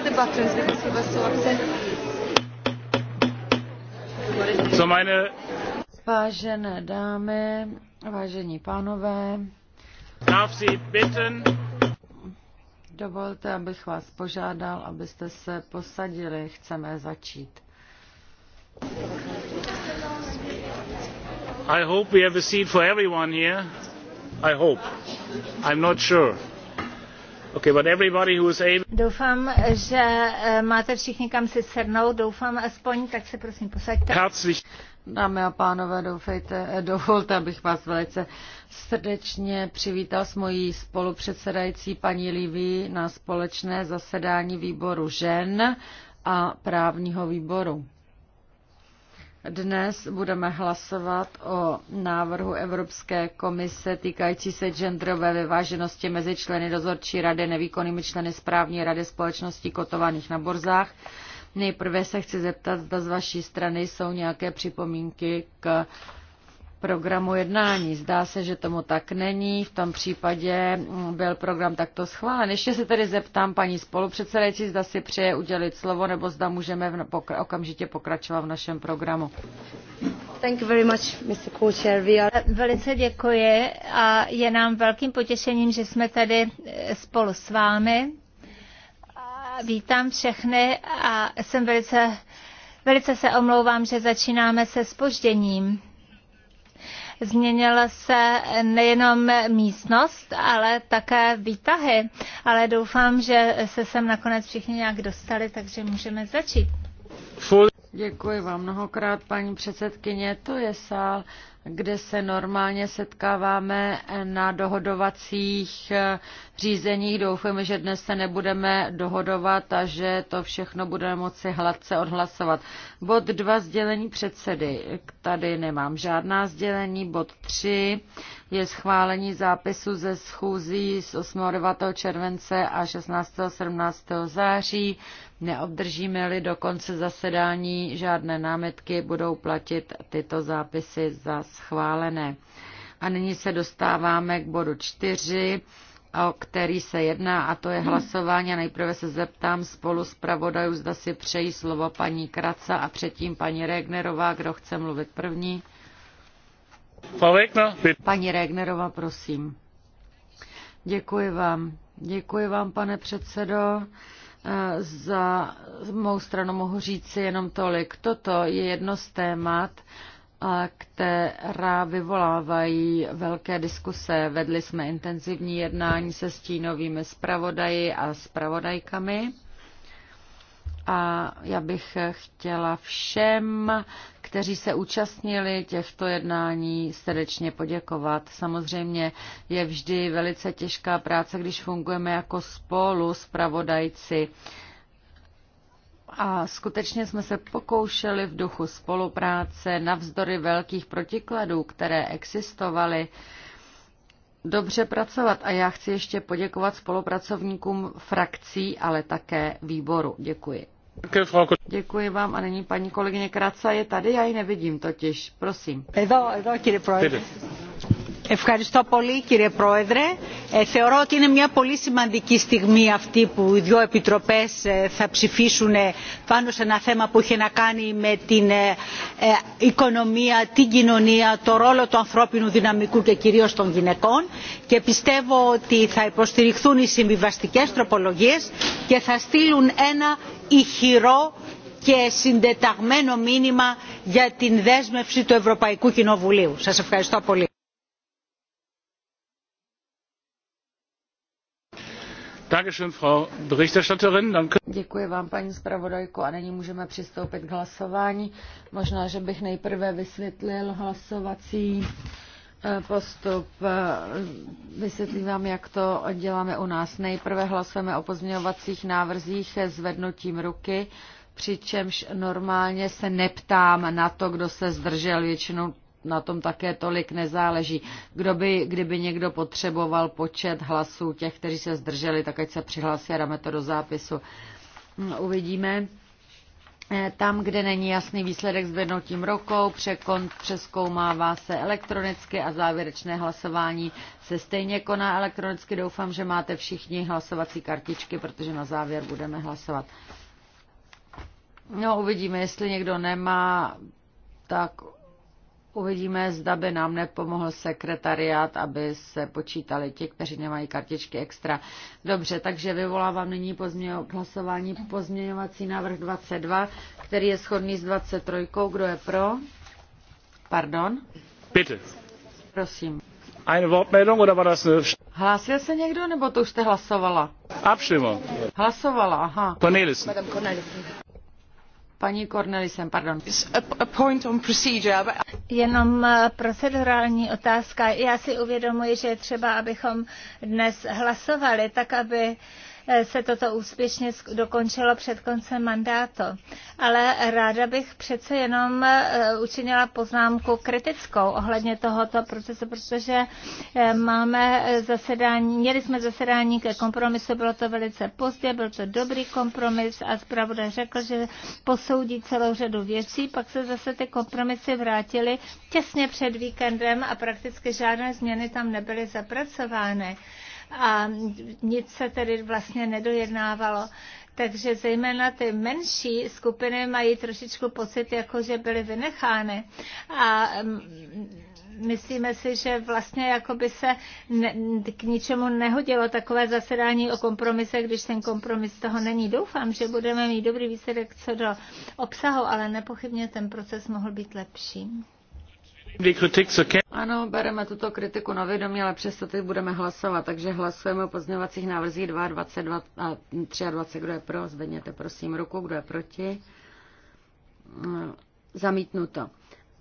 all the buttons was Co meine... Vážené dámy, vážení pánové, Darf Sie bitten, Dovolte, abych vás požádal, abyste se posadili. Chceme začít. I hope we have a seat for everyone here. I hope. I'm not sure. Doufám, že eh, máte všichni kam si sednout, doufám aspoň, tak se prosím posaďte. Dámy a pánové, doufejte, eh, dovolte, abych vás velice srdečně přivítal s mojí spolupředsedající paní Livy na společné zasedání výboru žen a právního výboru. Dnes budeme hlasovat o návrhu Evropské komise týkající se genderové vyváženosti mezi členy dozorčí rady, nevýkonnými členy správní rady společností kotovaných na borzách. Nejprve se chci zeptat, zda z vaší strany jsou nějaké připomínky k programu jednání. Zdá se, že tomu tak není. V tom případě mm, byl program takto schválen. Ještě se tedy zeptám paní spolupředsedající, zda si přeje udělit slovo, nebo zda můžeme v, pokra, okamžitě pokračovat v našem programu. Thank you very much, Mr. co We are... Eh, velice děkuji a je nám velkým potěšením, že jsme tady eh, spolu s vámi. Vítám všechny a jsem velice, velice se omlouvám, že začínáme se spožděním Změnila se nejenom místnost, ale také výtahy. Ale doufám, že se sem nakonec všichni nějak dostali, takže můžeme začít. Full. Děkuji vám mnohokrát, paní předsedkyně. To je sál, kde se normálně setkáváme na dohodovacích eh, řízeních. Doufáme, že dnes se nebudeme dohodovat a že to všechno budeme moci hladce odhlasovat. Bod 2 sdělení předsedy. Tady nemám žádná sdělení. Bod 3 je schválení zápisu ze schůzí z 8. 9. července a 16. 17. září. Neobdržíme-li do konce zasedání žádné námitky, budou platit tyto zápisy za schválené. A nyní se dostáváme k bodu 4, o který se jedná, a to je hlasování. Nejprve se zeptám spolu s pravodajů, zda si přejí slovo paní Kraca a předtím paní Regnerová, kdo chce mluvit první. Paní Regnerová, prosím. Děkuji vám. Děkuji vám, pane předsedo. Za mou stranu mohu říci jenom tolik. Toto je jedno z témat, která vyvolávají velké diskuse. Vedli jsme intenzivní jednání se stínovými zpravodaji a zpravodajkami a já bych chtěla všem, kteří se účastnili těchto jednání, srdečně poděkovat. Samozřejmě je vždy velice těžká práce, když fungujeme jako spolu s pravodajci. A skutečně jsme se pokoušeli v duchu spolupráce navzdory velkých protikladů, které existovaly, dobře pracovat a já chci ještě poděkovat spolupracovníkům frakcí, ale také výboru. Děkuji. Děkuji vám a není paní kolegyně Kraca je tady, já ji nevidím totiž. Prosím. Eva, Eva, Ευχαριστώ πολύ κύριε Πρόεδρε. Ε, θεωρώ ότι είναι μια πολύ σημαντική στιγμή αυτή που οι δύο επιτροπές ε, θα ψηφίσουν πάνω σε ένα θέμα που έχει να κάνει με την ε, ε, οικονομία, την κοινωνία, το ρόλο του ανθρώπινου δυναμικού και κυρίως των γυναικών και πιστεύω ότι θα υποστηριχθούν οι συμβιβαστικές τροπολογίες και θα στείλουν ένα ηχηρό και συντεταγμένο μήνυμα για την δέσμευση του Ευρωπαϊκού Κοινοβουλίου. Σας ευχαριστώ πολύ. Děkuji vám, paní zpravodajko, a nyní můžeme přistoupit k hlasování. Možná, že bych nejprve vysvětlil hlasovací eh, postup. Eh, vysvětlím vám, jak to děláme u nás. Nejprve hlasujeme o pozměňovacích návrzích zvednutím ruky, přičemž normálně se neptám na to, kdo se zdržel. Většinou na tom také tolik nezáleží. Kdo by, kdyby někdo potřeboval počet hlasů těch, kteří se zdrželi, tak ať se přihlásí a dáme to do zápisu. No, uvidíme. Eh, tam, kde není jasný výsledek s vednutím rokou, překon, přeskoumává se elektronicky a závěrečné hlasování se stejně koná elektronicky. Doufám, že máte všichni hlasovací kartičky, protože na závěr budeme hlasovat. No, uvidíme, jestli někdo nemá, tak Uvidíme, zda by nám nepomohl sekretariát, aby se počítali ti, kteří nemají kartičky extra. Dobře, takže vyvolávám nyní pozměňo, hlasování pozměňovací návrh 22, který je shodný s 23. Kdo je pro? Pardon? Bitte. Prosím. Eine Wortmeldung, oder war das eine... Hlásil se někdo, nebo to už jste hlasovala? Abstimmung. Hlasovala, aha. Cornelissen. Paní Cornelisen, pardon. Jenom eh, procedurální otázka. Já si uvědomuji, že je třeba, abychom dnes hlasovali, tak aby Eh, se toto úspěšně dokončilo před koncem mandátu. Ale ráda bych přece jenom eh, učinila poznámku kritickou ohledně tohoto procesu, protože eh, máme zasedání, měli jsme zasedání ke kompromisu, bylo to velice pozdě, byl to dobrý kompromis a zpravodaj řekl, že posoudí celou řadu věcí, pak se zase ty kompromisy vrátily těsně před víkendem a prakticky žádné změny tam nebyly zapracovány a nic se tedy vlastně nedojednávalo. Takže zejména ty menší skupiny mají trošičku pocit, jako že byly vynechány. A mm, myslíme si, že vlastně jako by se ne, k ničemu nehodilo takové zasedání o kompromise, když ten kompromis toho není. Doufám, že budeme mít dobrý výsledek co do obsahu, ale nepochybně ten proces mohl být lepší. Ano, bereme tuto kritiku na vědomí, ale přesto teď budeme hlasovat, takže hlasujeme o pozměňovacích návrzích 22, a 23. Kdo je pro, zvedněte prosím ruku, kdo je proti. Zamítnuto.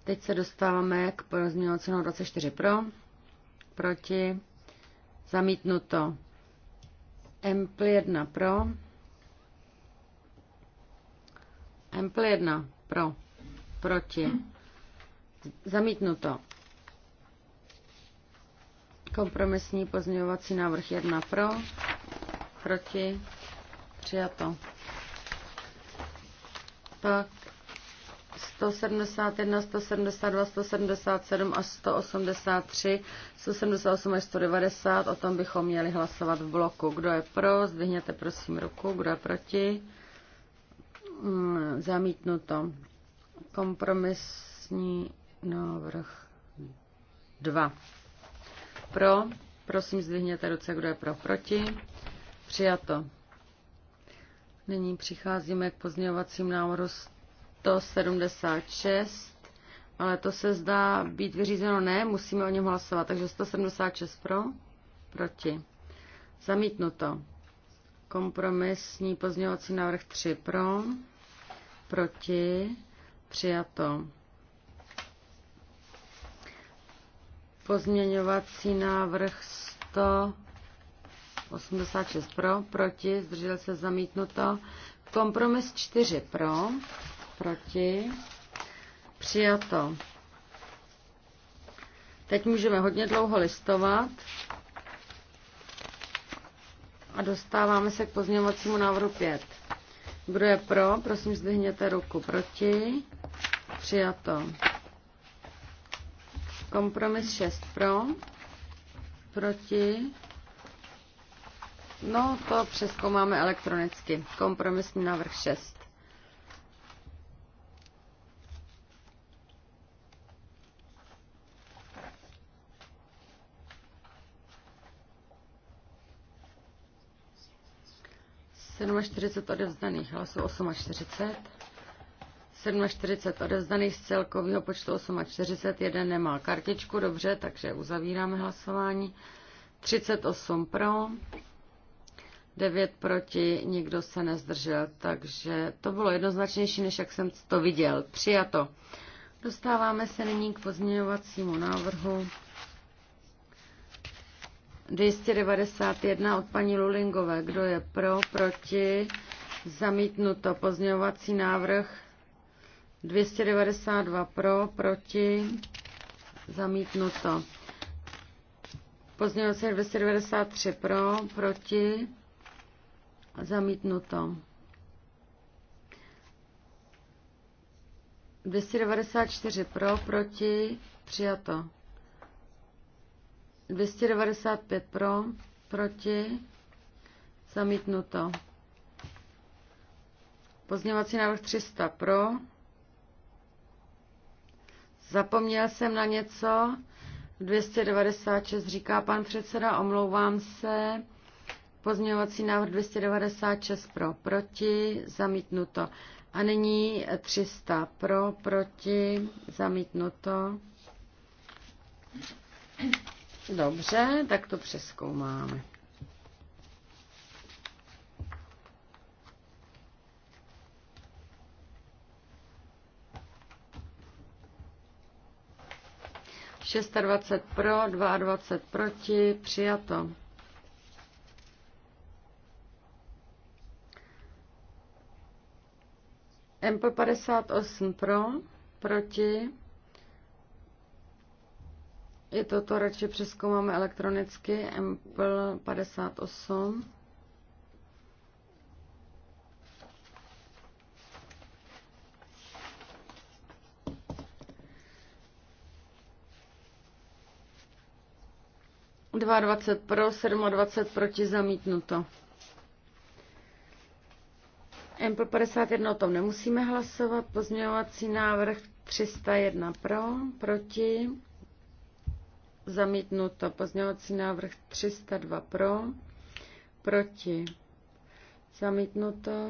Teď se dostáváme k pozměňovacímu 24 pro, proti, zamítnuto. Empl 1 pro, Empl 1 pro, proti. Zamítnuto. Kompromisní pozměňovací návrh 1 pro, proti, přijato. Pak 171, 172, 177 a 183, 178 až 190, o tom bychom měli hlasovat v bloku. Kdo je pro, zdvihněte prosím ruku, kdo je proti. Mm, zamítnuto. Kompromisní Návrh 2. Pro. Prosím, zdvihněte ruce, kdo je pro. Proti. Přijato. Nyní přicházíme k pozměňovacím návrhu 176, ale to se zdá být vyřízeno ne, musíme o něm hlasovat. Takže 176 pro, proti. Zamítnuto. Kompromisní pozměňovací návrh 3 pro, proti, přijato. Pozměňovací návrh 186 pro, proti, zdržel se zamítnuto. Kompromis 4 pro, proti, přijato. Teď můžeme hodně dlouho listovat a dostáváme se k pozměňovacímu návrhu 5. Kdo je pro, prosím zdvihněte ruku proti. Přijato. Kompromis 6 pro, proti. No, to přeskoumáme elektronicky. Kompromisní návrh 6. Sedm a čtyřicet odevzdaných hlasů, osm a čtyřicet. 47 odevzdaných z celkového počtu 48, 41 nemá kartičku, dobře, takže uzavíráme hlasování. 38 pro, 9 proti, nikdo se nezdržel, takže to bylo jednoznačnější, než jak jsem to viděl. Přijato. Dostáváme se nyní k pozměňovacímu návrhu 291 od paní Lulingové. Kdo je pro, proti, zamítnuto pozměňovací návrh 292 pro, proti, zamítnuto. Pozměňovací 293 pro, proti, zamítnuto. 294 pro, proti, přijato. 295 pro, proti, zamítnuto. Pozměňovací návrh 300 pro, Zapomněl jsem na něco. 296 říká pan předseda, omlouvám se. Pozměňovací návrh 296 pro, proti, zamítnuto. A nyní 300 pro, proti, zamítnuto. Dobře, tak to přeskoumáme. 26 pro, 22 proti, přijato. MP 58 pro, proti. Je to to, radši přeskoumáme elektronicky. MP 58. 22 pro, 27 proti zamítnuto. MP 51 o tom nemusíme hlasovat. Pozměňovací návrh 301 pro, proti. Zamítnuto. Pozměňovací návrh 302 pro, proti. Zamítnuto.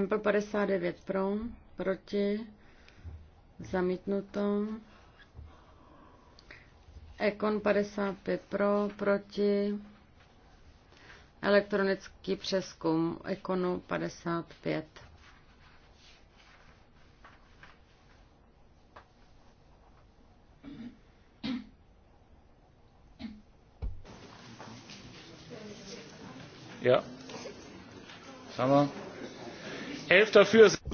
MP 59 pro, proti. Zamítnuto. Ekon 55 pro, proti. Elektronický přeskum Ekonu 55. Ja. Sama.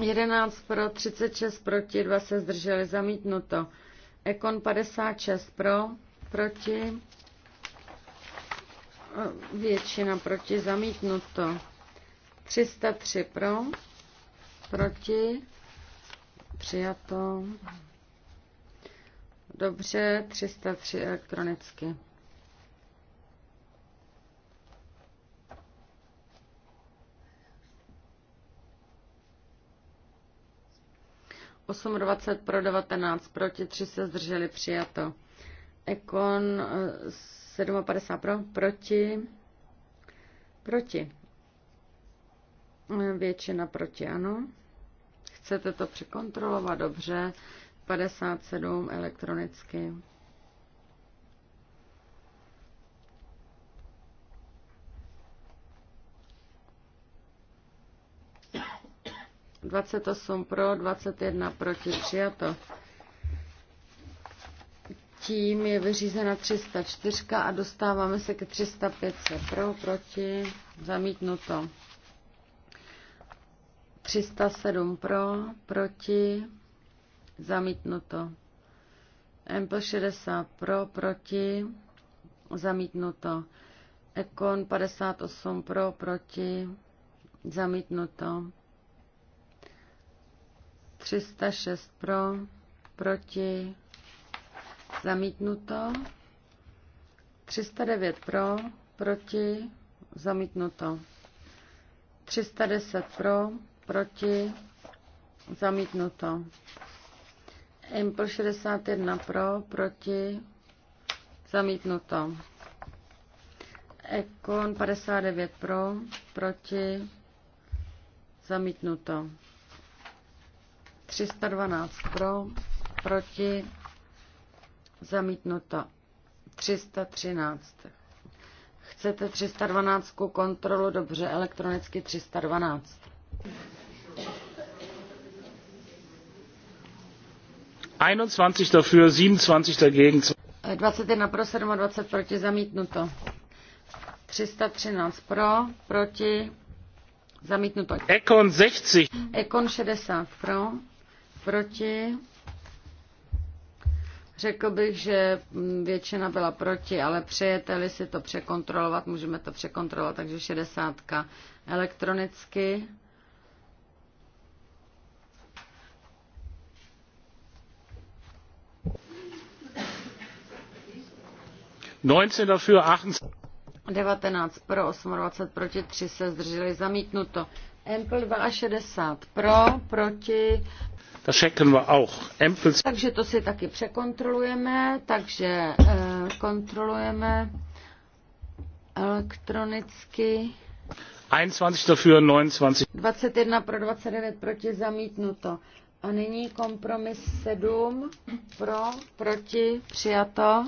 11 pro, 36 proti, 2 se zdrželi, zamítnuto. Ekon 56 pro, proti, většina proti, zamítnuto. 303 pro, proti, přijato. Dobře, 303 elektronicky. Osm pro devatenáct proti tři se zdrželi přijato. Econ 57 eh, pro, proti, proti. Eh, většina proti, ano. Chcete to překontrolovat dobře. 57 elektronicky. Dvacet osm pro, dvacet jedna proti, přijato tím je vyřízena 304 a dostáváme se ke 305 pro, proti, zamítnuto. 307 pro, proti, zamítnuto. Ample 60 pro, proti, zamítnuto. Ekon 58 pro, proti, zamítnuto. 306 pro, proti, Zamítnuto. 309 pro, proti, zamítnuto. 310 pro, proti, zamítnuto. Impl 61 pro, proti, zamítnuto. Ekon 59 pro, proti, zamítnuto. 312 pro, proti, Zamítnuto. 313. Chcete 312 kontrolu? Dobře, elektronicky 312. einundzwanzig dafür 27 dagegen. 21 pro 27 proti zamítnuto. 313 pro, proti, zamítnuto. Ekon 60. Ekon 60 pro, proti, Řekl bych, že mm, většina byla proti, ale přejete-li si to překontrolovat, můžeme to překontrolovat, takže 60 elektronicky. Dafür, 19 pro, 28 proti, 3 se zdrželi, zamítnuto. Ample 62 pro, proti, takže to si taky překontrolujeme, takže eh, kontrolujeme elektronicky. 21 pro 29 proti zamítnuto. A nyní kompromis 7 pro, proti, přijato.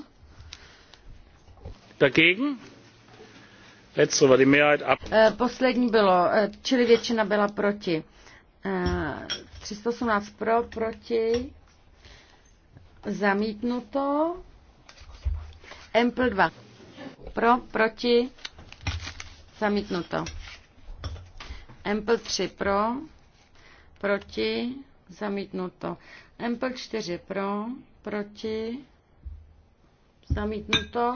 Dagegen? Letztere war die Mehrheit ab. Eh, poslední bylo, eh, čili většina byla proti. 318 pro, proti, zamítnuto. Empl 2 pro, proti, zamítnuto. Empl 3 pro, proti, zamítnuto. Empl 4 pro, proti, zamítnuto.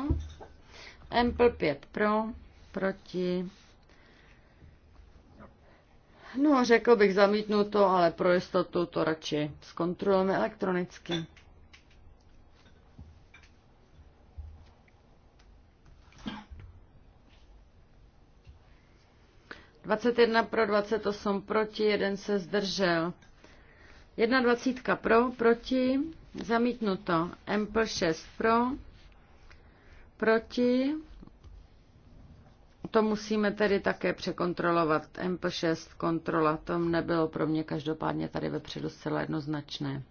Empl 5 pro, proti, No, řekl bych zamítnu to, ale pro jistotu to radši zkontrolujeme elektronicky. Dvacet jedna pro, dvacet osm proti, jeden se zdržel. Jedna dvacítka pro, proti, zamítnuto. Ample šest pro, proti, to musíme tedy také překontrolovat. MP6 kontrola, to nebylo pro mě každopádně tady vepředu zcela jednoznačné.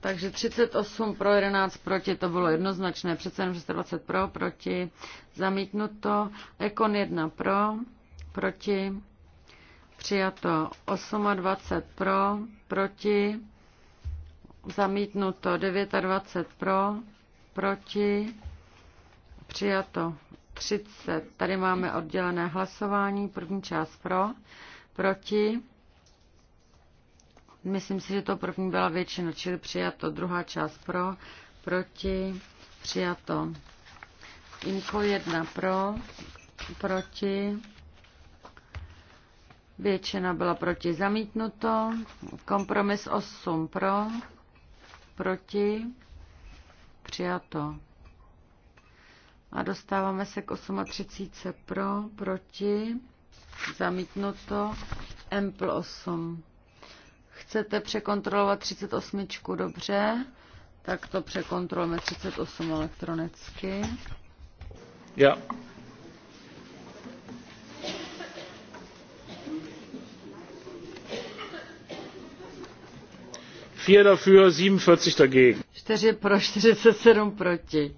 Takže 38 pro 11 proti, to bylo jednoznačné. Přece jenom pro, proti, zamítnuto. Ekon 1 pro, proti, přijato 28 pro, proti, zamítnuto 29 pro, proti, přijato 30. Tady máme oddělené hlasování, první část pro, proti. Myslím si, že to první byla většina, čili přijato druhá část pro, proti, přijato. Info 1 pro, proti, Většina byla proti zamítnuto. Kompromis 8 pro, proti, přijato. A dostáváme se k 38 pro, proti, zamítnuto, Ample 8. Chcete překontrolovat 38, dobře, tak to překontrolujeme 38 elektronicky. Yeah. vier dafür, 47 dagegen. pro, 47 proti.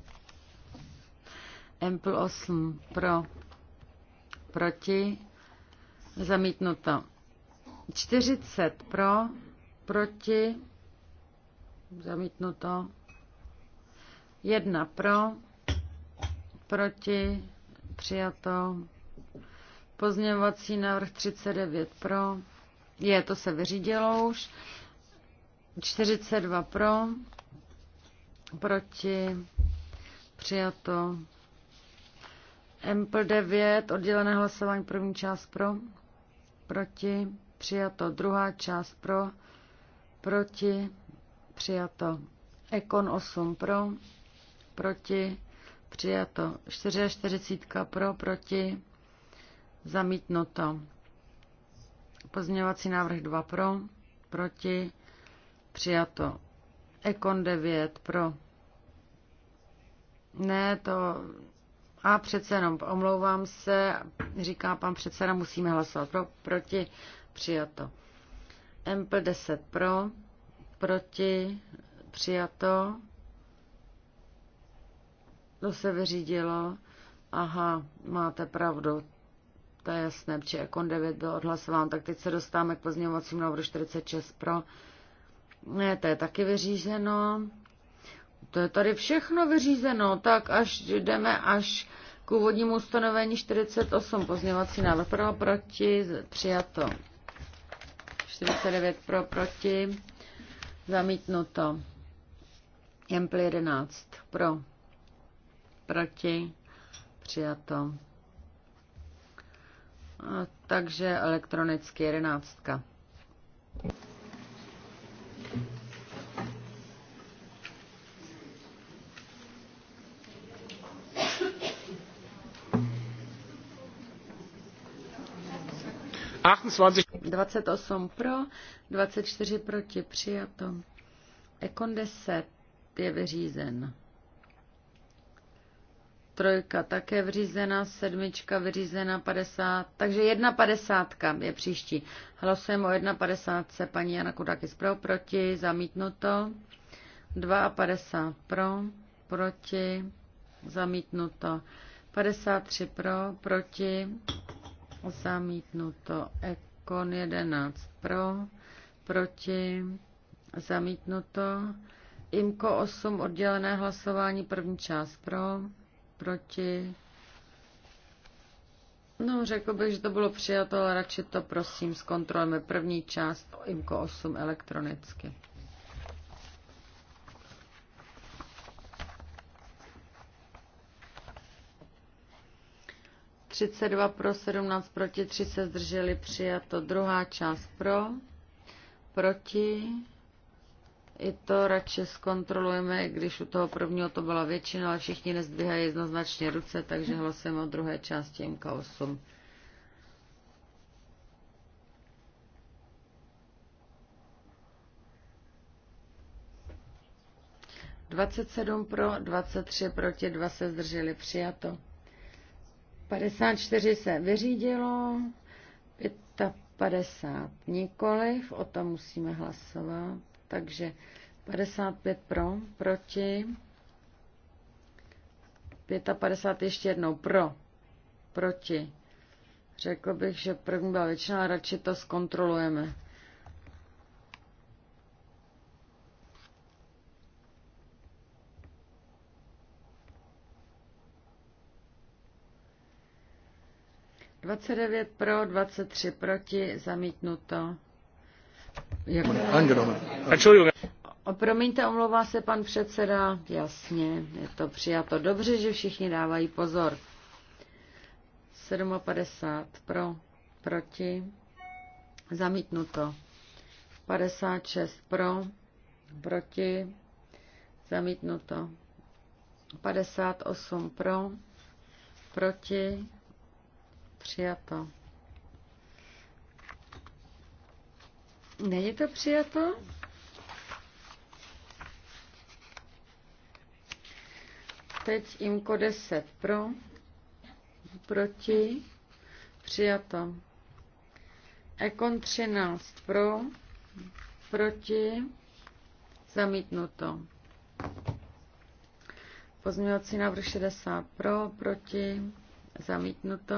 Empl 8 pro, proti, zamítnuto. 40 pro, proti, zamítnuto. 1 pro, proti, přijato. Pozměňovací návrh 39 pro. Je, to se vyřídilo už. 42 pro, proti, přijato. Empl 9, oddělené hlasování, první část pro, proti, přijato. Druhá část pro, proti, přijato. Ekon 8 pro, proti, přijato. 44 pro, proti, zamítnuto. Pozměňovací návrh 2 pro, proti, Přijato. Ekon 9 pro. Ne, to... A přece jenom, omlouvám se, říká pan předseda, musíme hlasovat pro, proti, přijato. Empl 10 pro, proti, přijato. To se vyřídilo. Aha, máte pravdu. To je jasné, protože Ekon 9 byl odhlasován, tak teď se dostáváme k pozměňovacím návrhu 46 pro ne, to je taky vyřízeno. To je tady všechno vyřízeno, tak až jdeme až k úvodnímu ustanovení 48, pozměvací návrh pro, proti, přijato. 49 pro, proti, zamítnuto. Jempl 11 pro, proti, přijato. A takže elektronicky 11. 28 pro, 24 proti, přijato. Ekon 10 je vyřízen. Trojka také vyřízena, sedmička vyřízena, 50, takže jedna padesátka je příští. Hlasujeme o jedna padesátce, paní Jana Kudakis pro, proti, zamítnuto. 52 pro, proti, zamítnuto. 53 pro, proti, Zamítnuto. Ekon 11 pro, proti, zamítnuto. Imko 8 oddělené hlasování, první část pro, proti. No, řekl bych, že to bylo přijato, ale radši to prosím zkontrolujeme. První část Imko 8 elektronicky. 32 pro, 17 proti, 3 se zdrželi, přijato. Druhá část pro, proti. I to radši zkontrolujeme, když u toho prvního to byla většina, ale všichni nezdvíhají jednoznačně ruce, takže hlasujeme o druhé části MK8. Dvacet sedm pro, dvacet tři proti, dva se zdrželi přijato. 54 se vyřídilo, 55 nikoliv, o tom musíme hlasovat. Takže 55 pro, proti, 55 ještě jednou pro, proti. Řekl bych, že první byla většina, radši to zkontrolujeme. 29 pro, 23 proti, zamítnuto. Jako... O, promiňte, omlouvá se pan předseda. Jasně, je to přijato. Dobře, že všichni dávají pozor. 57 pro, proti, zamítnuto. 56 pro, proti, zamítnuto. 58 pro, proti, Přijato. Není to přijato? Teď IMKO 10 pro, proti, přijato. Ekon 13 pro, proti, zamítnuto. Pozměňovací návrh 60 pro, proti, zamítnuto.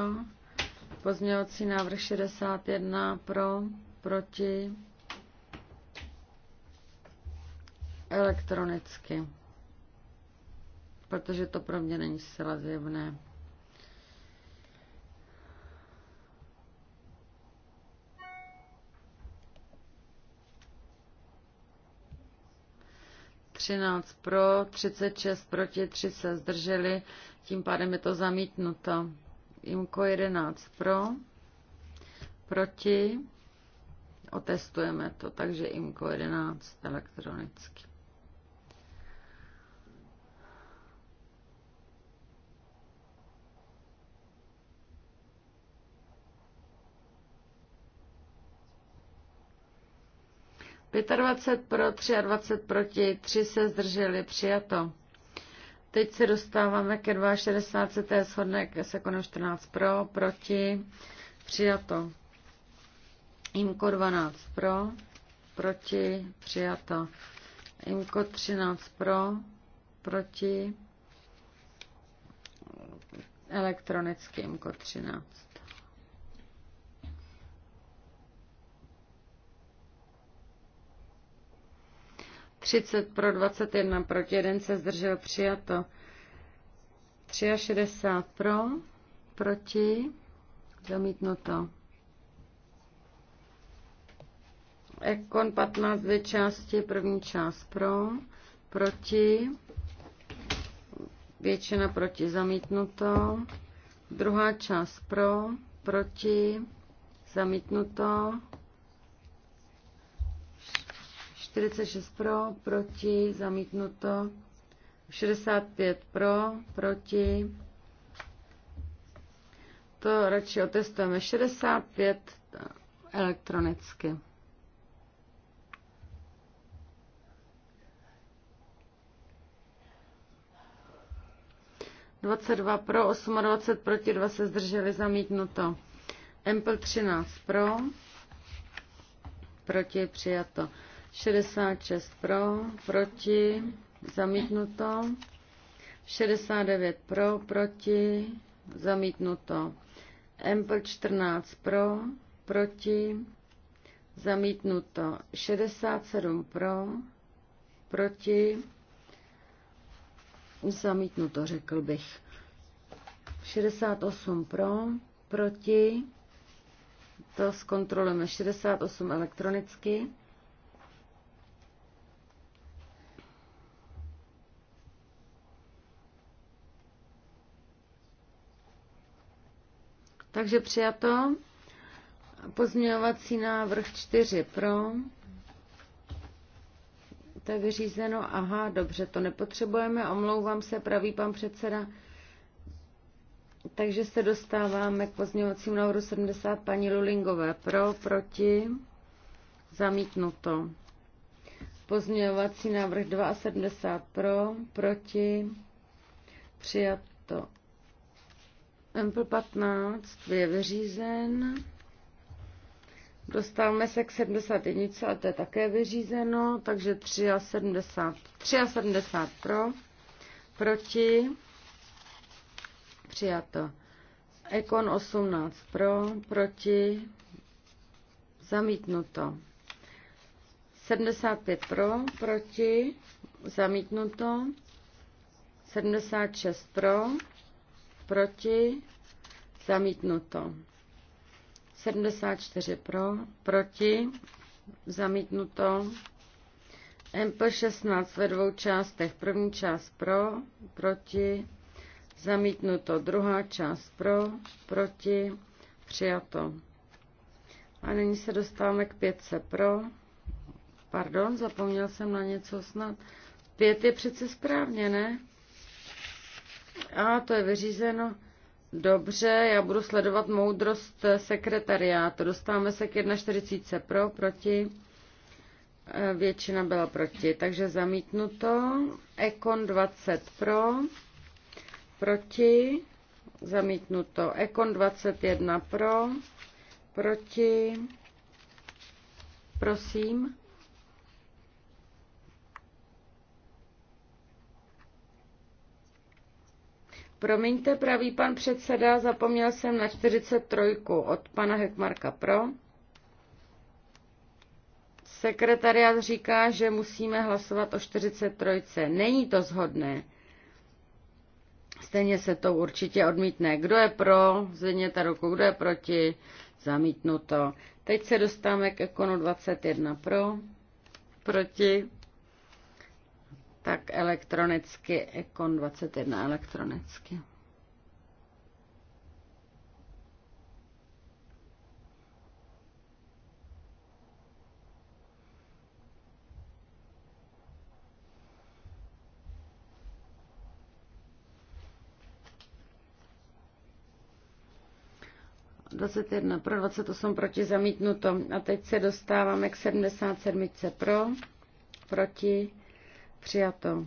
Pozměňovací návrh 61 pro, proti, elektronicky, protože to pro mě není zcela zjevné. Třináct pro, 36 proti, 3 se zdrželi, tím pádem je to zamítnuto. Imko 11 pro, proti, otestujeme to, takže Imko 11 elektronicky. Pětadvacet pro, třiadvacet proti, tři se zdrželi, přijato. Teď se dostáváme ke 2,60, to je shodné se konem 14 pro, proti, přijato. Imko 12 pro, proti, přijato. Imko 13 pro, proti, elektronicky Imko 13. 30 pro 21 proti 1 se zdržel přijato. 63 pro, proti, zamítnuto. Ekon 15 dvě části, první část pro, proti, většina proti zamítnuto, druhá část pro, proti, zamítnuto, 46 pro, proti, zamítnuto. 65 pro, proti. To radši otestujeme. 65 elektronicky. Dvacet dva pro, 28 proti, dva se zdrželi, zamítnuto. Empl 13 pro, proti, přijato. 66 pro, proti, zamítnuto. 69 pro, proti, zamítnuto. Empl 14 pro, proti, zamítnuto. 67 pro, proti, zamítnuto, řekl bych. 68 pro, proti, to zkontrolujeme 68 elektronicky. Takže přijato. Pozměňovací návrh 4 pro. To je vyřízeno. Aha, dobře, to nepotřebujeme. Omlouvám se, pravý pan předseda. Takže se dostáváme k pozměňovacímu návrhu 70 paní Lulingové. Pro, proti, zamítnuto. Pozměňovací návrh 72 pro, proti, přijato. Ample 15 je vyřízen. Dostáváme se k 71 a to je také vyřízeno, takže 73, 73 pro, proti, přijato. Ekon 18 pro, proti, zamítnuto. 75 pro, proti, zamítnuto. 76 pro, proti, zamítnuto. 74 pro, proti, zamítnuto. MP16 ve dvou částech. První část pro, proti, zamítnuto. Druhá část pro, proti, přijato. A nyní se dostáváme k pětce pro. Pardon, zapomněl jsem na něco snad. Pět je přece správně, ne? A to je vyřízeno. Dobře, já budu sledovat moudrost sekretariátu. Dostáváme se k 1,40 pro, proti. E, většina byla proti, takže zamítnuto. Ekon 20 pro, proti, zamítnuto. Ekon 21 pro, proti, prosím. Promiňte, pravý pan předseda, zapomněl jsem na 43 od pana Hekmarka Pro. Sekretariat říká, že musíme hlasovat o 43. Není to zhodné. Stejně se to určitě odmítne. Kdo je pro, zvedněte ruku, kdo je proti, zamítnuto. Teď se dostáváme k ekonu 21 pro, proti, tak elektronicky, ekon 21 elektronicky. Dvacet jedna pro, dvacet proti, zamítnuto. A teď se dostáváme k sedmdesát pro, proti Přijato.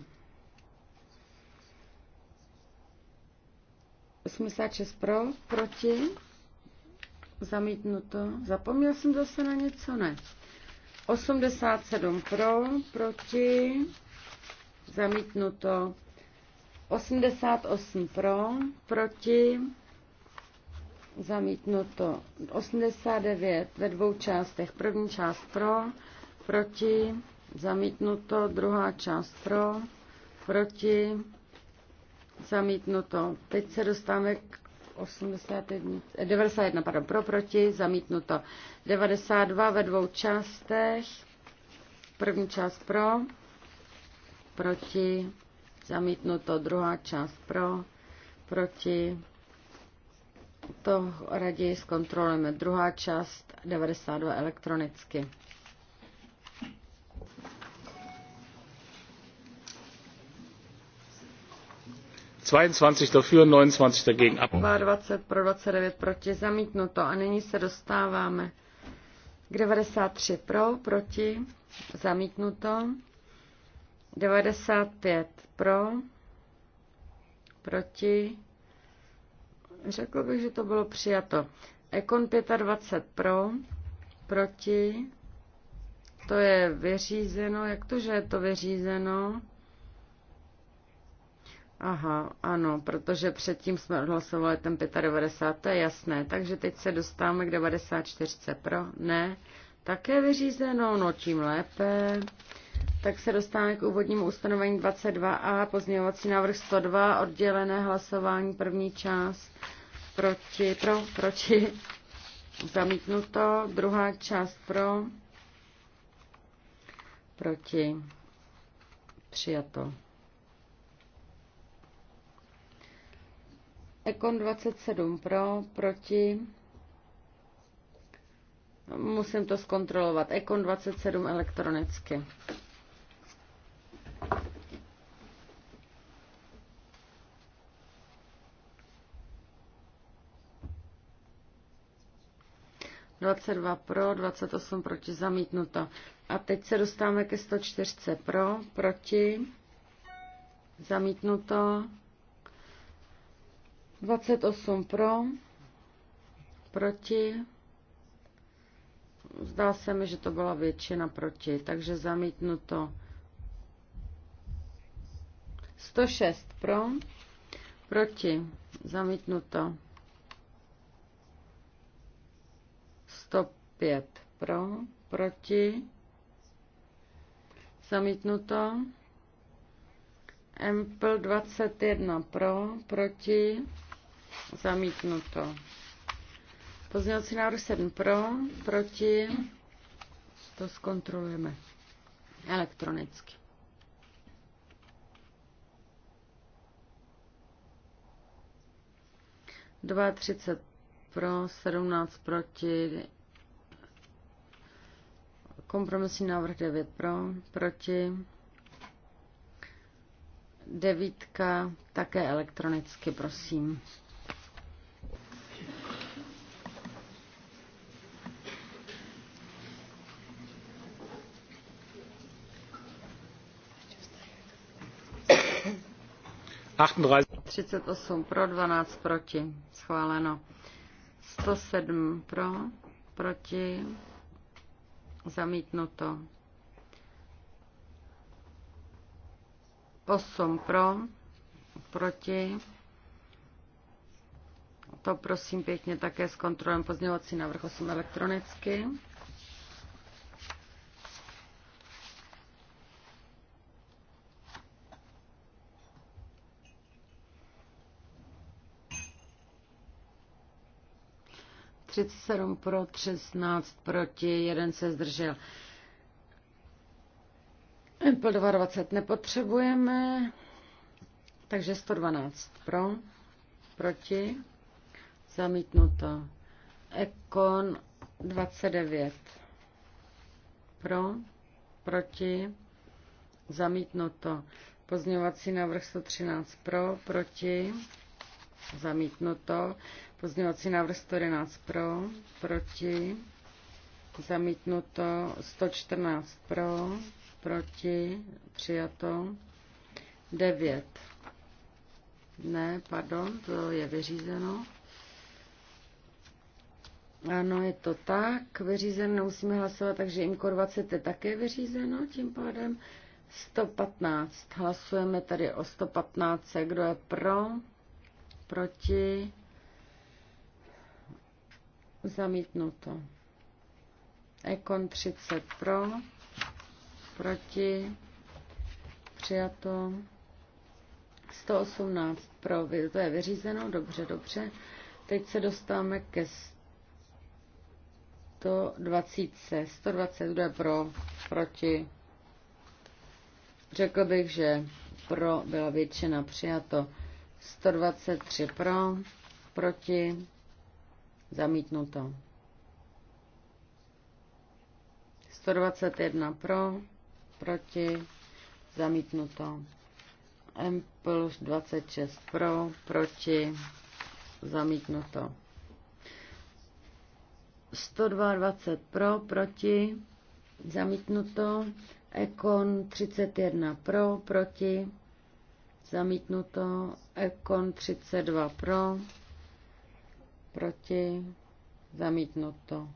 86 pro, proti, zamítnuto. Zapomněl jsem zase na něco, ne. 87 pro, proti, zamítnuto. 88 pro, proti, zamítnuto. 89 ve dvou částech. První část pro, proti, Zamítnuto. Druhá část pro. Proti. Zamítnuto. Teď se dostáváme k 81, 91, eh, pardon, pro, proti, zamítnuto. 92 ve dvou částech. První část pro, proti, zamítnuto. Druhá část pro, proti. To raději zkontrolujeme. Druhá část 92 elektronicky. 22 dafür, 29 dagegen ab. 22 pro 29 proti, zamítnuto. A nyní se dostáváme k 93 pro, proti, zamítnuto. 95 pro, proti. Řekl bych, že to bylo přijato. Ekon 25 pro, proti. To je vyřízeno. Jak to, že je to vyřízeno? Aha, ano, protože předtím jsme odhlasovali ten 95, to je jasné. Takže teď se dostáváme k 94 pro, ne. Také vyřízeno, no tím lépe. Tak se dostáváme k úvodnímu ustanovení 22a, pozměňovací návrh 102, oddělené hlasování, první část, proti, pro, proti, zamítnuto, druhá část pro, proti, přijato. Ekon 27 pro, proti. Musím to zkontrolovat. Ekon 27 elektronicky. dva pro, 28 proti, zamítnuto. A teď se dostáváme ke 104 pro, proti, zamítnuto. 28 pro, proti. Zdá se mi, že to byla většina proti, takže zamítnu to. 106 pro, proti, zamítnu to. 105 pro, proti, zamítnu to. Empl 21 pro, proti, Zamítnuto. Pozměňovací návrh 7 pro, proti. To zkontrolujeme elektronicky. Dva třicet pro, 17 proti, kompromisní návrh 9 pro, proti, devítka také elektronicky, prosím. 38 pro, 12 proti. Schváleno. 107 pro, proti. Zamítnuto. 8 pro, proti. To prosím pěkně také s kontrolem pozměňovací návrh 8 elektronicky. 37 pro, 16 proti, jeden se zdržel. Apple 22 nepotřebujeme, takže 112 pro, proti, zamítnuto. Econ 29 pro, proti, zamítnuto. Pozměňovací návrh 113 pro, proti, zamítnuto. Pozměňovací návrh 111 pro, proti, zamítnuto 114 pro, proti, přijato 9. Ne, pardon, to je vyřízeno. Ano, je to tak, Vyřízeno nemusíme hlasovat, takže IMCO 20 je také vyřízeno, tím pádem 115. Hlasujeme tady o 115, kdo je pro, proti, Zamítnuto. Ekon 30 pro, proti, přijato. 118 pro, to je vyřízeno, dobře, dobře. Teď se dostáváme ke 120. 120, kdo je pro, proti. Řekl bych, že pro byla většina přijato. 123 pro, proti Zamítnuto. 121 pro, proti, zamítnuto. M plus 26 pro, proti, zamítnuto. 122 pro, proti, zamítnuto. Ekon 31 pro, proti, zamítnuto. Ekon 32 pro, proti, zamítnuto.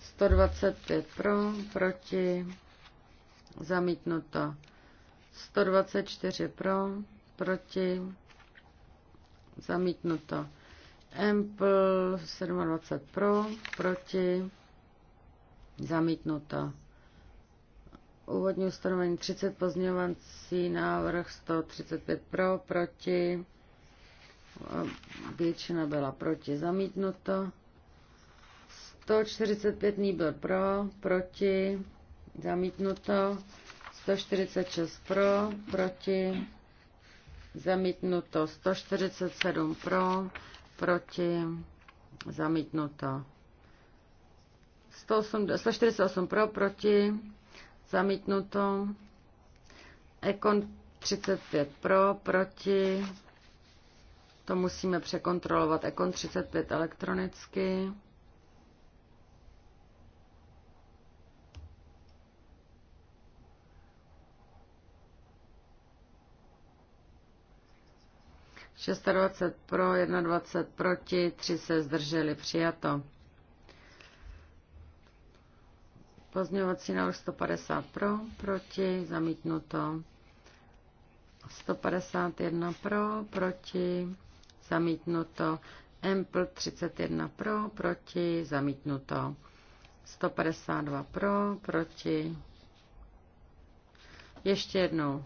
125 pro, proti, zamítnuto. 124 pro, proti, zamítnuto. Ample 27 pro, proti, zamítnuto. Úvodní ustanovení 30 pozměňovací návrh 135 pro, proti, většina byla proti, zamítnuto. 145 byl pro, proti, zamítnuto. 146 pro, proti, zamítnuto. 147 pro, proti, zamítnuto. 148 pro, proti, zamítnuto. Ekon 35 pro, proti, to musíme překontrolovat. Ekon 35 elektronicky. Šestadvacet pro, 21 proti, tři se zdrželi, přijato. Pozměňovací návrh 150 pro, proti, zamítnuto. 151 pro, proti, zamítnuto. Empl 31 pro, proti, zamítnuto. 152 pro, proti. Ještě jednou.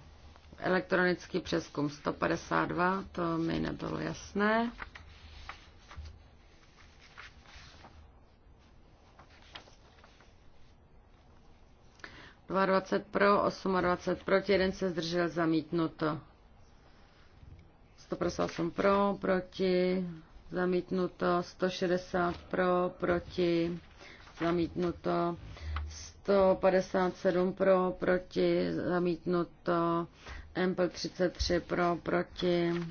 Elektronický přeskum 152, to mi nebylo jasné. Dva pro, 28 proti, jeden se zdržel zamítnuto. 158 pro, proti, zamítnuto, 160 pro, proti, zamítnuto, 157 pro, proti, zamítnuto, Ample 33 pro, proti,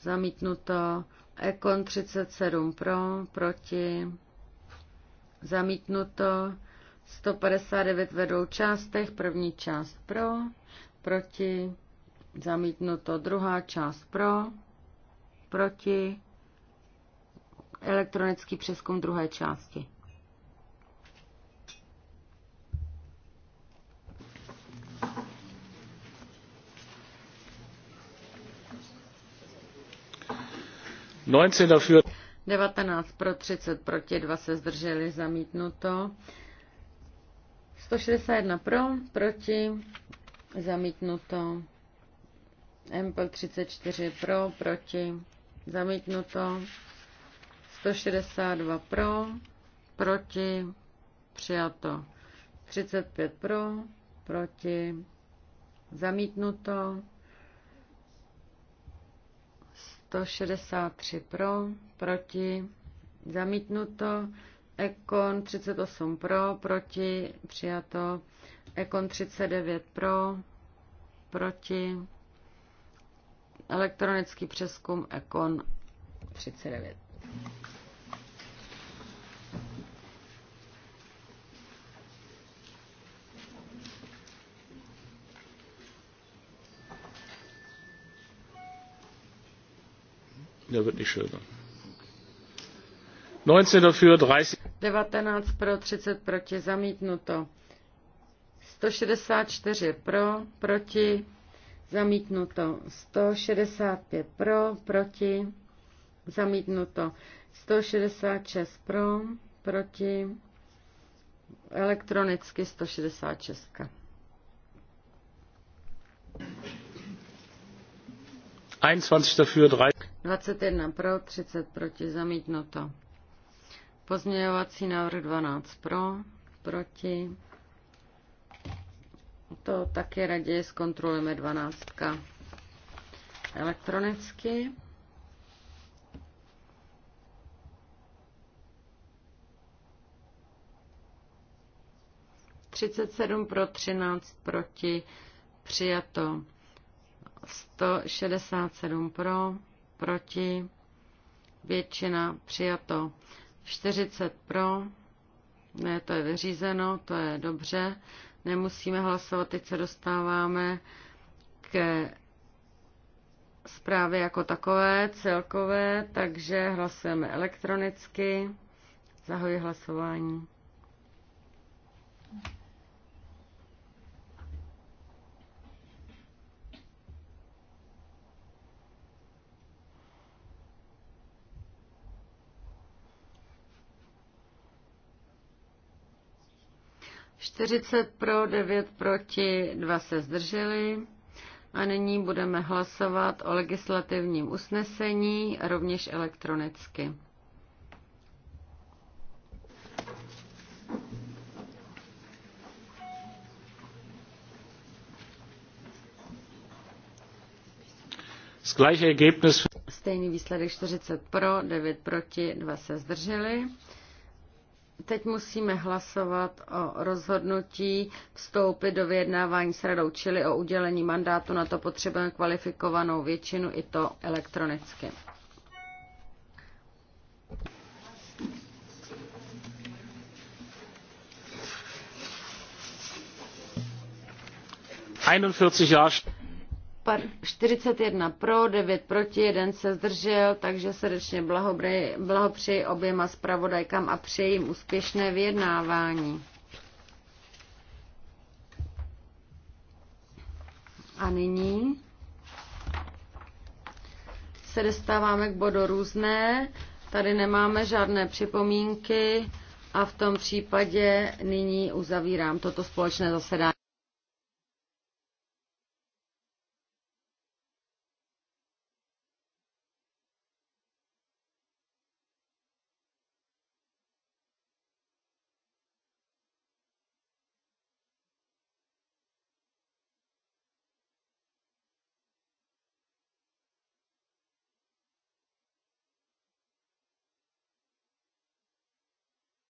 zamítnuto, Econ 37 pro, proti, zamítnuto, 159 ve dvou částech, první část pro, proti, Zamítnuto druhá část pro, proti, elektronický přeskum druhé části. Dafür. 19 pro 30 proti, 2 se zdrželi, zamítnuto. 161 pro, proti, zamítnuto. Ample 34 pro, proti, zamítnuto. 162 pro, proti, přijato. 35 pro, proti, zamítnuto. 163 pro, proti, zamítnuto. Ekon 38 pro, proti, přijato. Ekon 39 pro, proti, Elektronický přeskum Econ 39. Der wird nicht schöner. 19 dafür, 30. 19 pro, 30 proti, zamítnuto. 164 pro, proti, zamítnuto 165 pro, proti, zamítnuto 166 pro, proti, elektronicky 166. Dafür, 21 pro, 30 proti, zamítnuto. Pozměňovací návrh 12 pro, proti, to taky raději zkontrolujeme 12 elektronicky. Třicet sedm pro třináct proti přijato. 167 pro, proti, většina přijato. 40 pro, ne, to je vyřízeno, to je dobře nemusíme hlasovat. Teď se dostáváme ke zprávy jako takové, celkové, takže hlasujeme elektronicky. Zahoji hlasování. 40 pro, 9 proti, 2 se zdrželi. A nyní budeme hlasovat o legislativním usnesení, rovněž elektronicky. Stejný výsledek 40 pro, 9 proti, 2 se zdrželi. Teď musíme hlasovat o rozhodnutí vstoupit do vyjednávání s radou, čili o udělení mandátu. Na to potřebujeme kvalifikovanou většinu, i to elektronicky. einundvierzig 41 pro, 9 proti, 1 se zdržel, takže srdečně blahopřeji oběma zpravodajkám a přeji jim úspěšné vyjednávání. A nyní se dostáváme k bodu různé. Tady nemáme žádné připomínky a v tom případě nyní uzavírám toto společné zasedání.